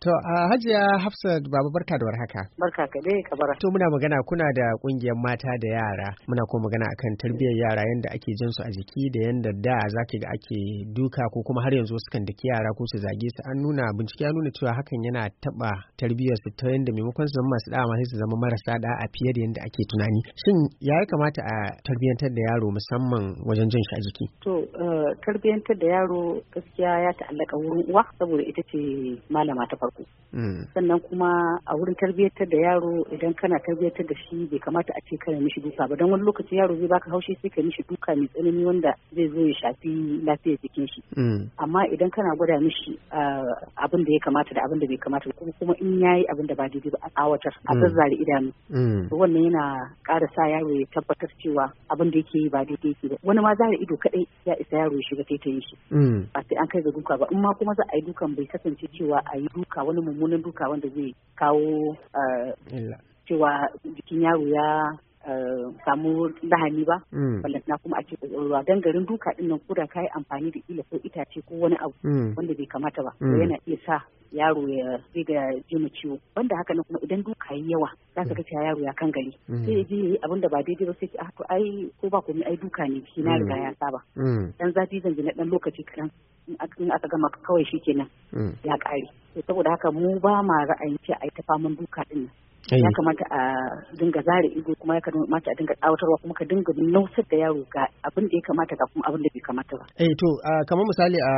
To a Hajiya Hafsat Baba barka da warhaka. Barka ka dai bara. To muna magana kuna da kungiyar mata da yara muna kuma magana akan tarbiyyar yara yanda ake jin su a jiki da yanda da zaki ga ake duka ko kuma har yanzu sukan daki yara ko su zage su an nuna bincike ya nuna cewa hakan yana taba tarbiyyar su ta yanda maimakon su zama masu da'a sai su zama marasa da'a fiye da yanda ake tunani. Shin ya kamata a tarbiyyantar da yaro musamman wajen jin shi a jiki? To eh, tarbiyyantar da yaro gaskiya ya ta'allaka wurin uwa saboda ita ce malama ta farko mm. sannan kuma a wurin tarbiyyar da yaro idan kana tarbiyyar da shi bai kamata a ce kana mishi duka ba don wani lokaci yaro zai baka haushi sai ka mishi duka mai tsanani wanda zai zo ya shafi lafiyar jikin shi mm. amma idan kana gwada mishi ah, abin da ya kamata da abin da bai kamata kuma kuma in yayi abin da ba daidai ba a tsawatar a mm. zazzare idanu wannan yana ƙara sa yaro ya tabbatar cewa abin da yake yi ba daidai yake ba wani ma zai ido kaɗai ya isa yaro ya shiga taitayin shi ba sai an kai ga duka ba in ma kuma za a yi dukan bai kasance cewa a yi duka duka wani mummunan duka wanda zai kawo uh, cewa jikin yaro ya samu lahani ba mm. ballantana kuma a cikin ruwa dan garin duka din nan koda yi amfani da ila ko itace ko wani abu mm. wanda bai kamata ba mm. yana iya sa yaro ya ga jima ciwo Wanda haka na kuma idan duka yi yawa za ka ga yaro ya kan gari sai ya je yayi abin da ba daidai ba sai ah to ai ko ba komai ai duka ne shi na riga ya saba dan zafi zan ji na dan lokaci kaɗan. in aka gama kawai shi kenan ya kare saboda haka mu ba ma ra'ayin ce yi ta faman duka din Eh. ya kamata a dinga zare ido kuma ya kamata a dinga tsawatarwa kuma ka dinga nausar da yaro ga abin da ya kamata ga kuma abin da bai kamata ba. Eh to kamar misali a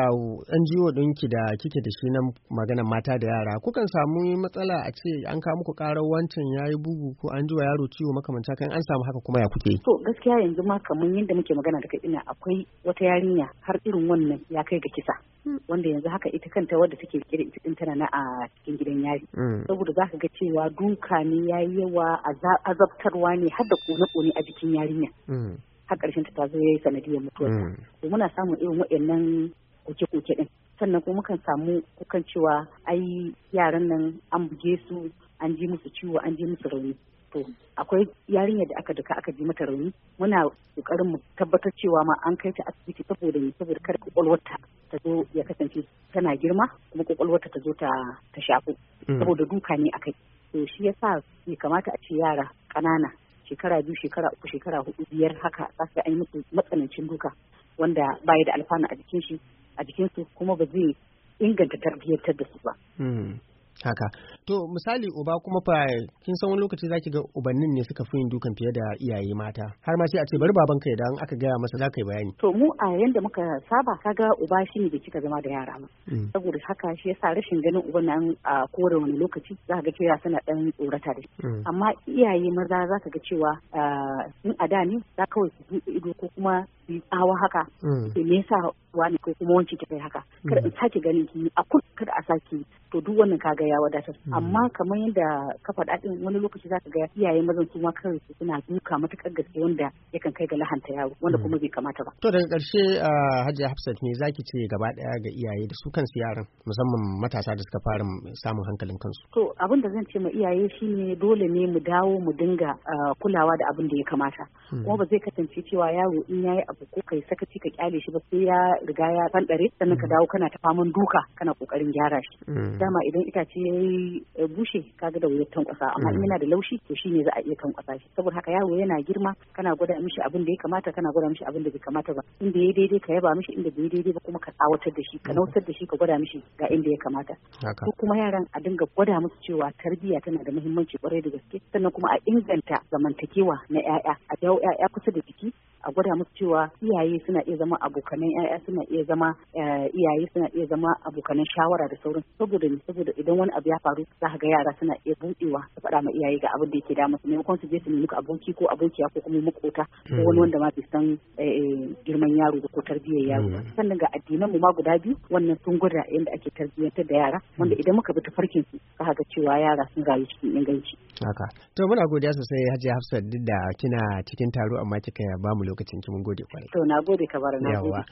NGO ɗinki da kike da shi na maganar mata da yara kukan samu matsala a ce an kawo muku karar wancan yi bugu ko an ji wa yaro ciwo makamanta kan an samu haka kuma ya kuke. To gaskiya yanzu ma kamar yadda muke magana daga ina akwai wata yarinya har irin wannan ya kai ga kisa. Hmm. wanda yanzu haka ita kanta wadda take kira ita tana na a cikin gidan yari hmm. saboda za ka ga cewa duka duka ne ya yi yawa azabtarwa ne har da kone-kone a jikin yarinya mm. har ƙarshen ta zo ya yi sanadiyar mutuwar mm. to muna samun irin waɗannan koke-koke ɗin sannan kuma mukan samu kukan cewa ai yaran nan an buge su an ji musu ciwo an ji musu rauni to akwai yarinyar da aka duka aka ji mata rauni muna kokarin mu tabbatar cewa ma an kai ta asibiti saboda ne saboda kar kwakwalwarta ta zo ya kasance tana girma kuma kwakwalwarta ta zo ta shafu mm. saboda duka ne akai to eh, shi ya sa bai kamata a ce yara ƙanana shekara biyu shekara uku shekara hudu biyar haka za su yi matsanancin duka wanda baya da alfanu a jikin shi a jikin kuma ba zai inganta tarbiyyar da su ba hmm. haka to misali uba kuma fa kin san wani lokaci zaki ga ubannin ne suka fi yin dukan fiye da iyaye mata har ma sai a ce bari baban ka idan aka gaya masa za ka yi bayani to mu a yanda muka saba kaga uba shi ne kika kika zama da yara ma. Mm. saboda haka shi yasa rashin ganin uban nan a kowane wani lokaci za ga cewa suna dan tsorata da mm. amma iyaye maza za ka ga cewa ah, in a da ne za kawai su ido ko kuma tsawa haka mm. me yasa wani kai kuma wanci ta kai haka kar in mm. sake ganin ki a kun kada a sake to duk wannan kaga ya wadatar mm. amma kamar yadda ka faɗa din wani lokaci zaka ga iyaye mazan su ma su suna duka matukar gaske wanda yakan kai ga lahanta yaro wanda mm. kuma bai kamata ba to daga ƙarshe ah, Hajiya Hafsat me zaki ce gaba daya ga iyaye da su kansu yaran musamman matasa da suka fara samun hankalin kansu to abin da zan ce ma iyaye shine dole ne mu dawo mu dinga ah, kulawa da abin da ya kamata kuma ba zai kasance cewa yaro in yayi abu ko kai sakaci ka kyale shi ba sai ya riga ya fanɗare sannan ka mm. dawo kana ta faman duka kana kokarin gyara shi mm. dama idan itace ya yi bushe kaga da wuyar tankwasa amma in mm. yana da laushi to ne za a iya tankwasa shi saboda haka yaro yana girma kana gwada mishi abin da ya kamata kana gwada mishi abin da bai kamata ba inda ya daidai ka yaba mishi inda bai daidai ba kuma ka tsawatar da shi ka nautar da shi ka gwada mishi ga inda ya kamata ko kuma yaran a dinga gwada musu cewa tarbiyya tana da muhimmanci kwarai da gaske sannan kuma a inganta zamantakewa na 'ya'ya a jawo 'ya'ya kusa da jiki a gwada musu cewa iyaye suna iya zama abokanan yaya suna iya zama eh, iyaye suna iya zama abokanan shawara da sauran saboda ne saboda idan wani abu ya faru za ka ga yara suna iya buɗewa su faɗa ma iyaye ga abin da yake damu su maimakon su je su nemi aboki ko abokiya ko kuma makota ko hmm. wani wanda ma bai san eh, eh, girman yaro da ko tarbiyyar yaro hmm. sannan ga addinan mu ma guda biyu wannan sun gwada yadda ake tarbiyyantar da yara hmm. wanda idan muka bi tafarkin su za ga cewa yara sun rayu cikin inganci haka to muna godiya sosai Hajiya Hafsat duk da kina cikin taro amma kika ba mu lokaci lokacin ki mun gode kwarai to na gode ka bar na gode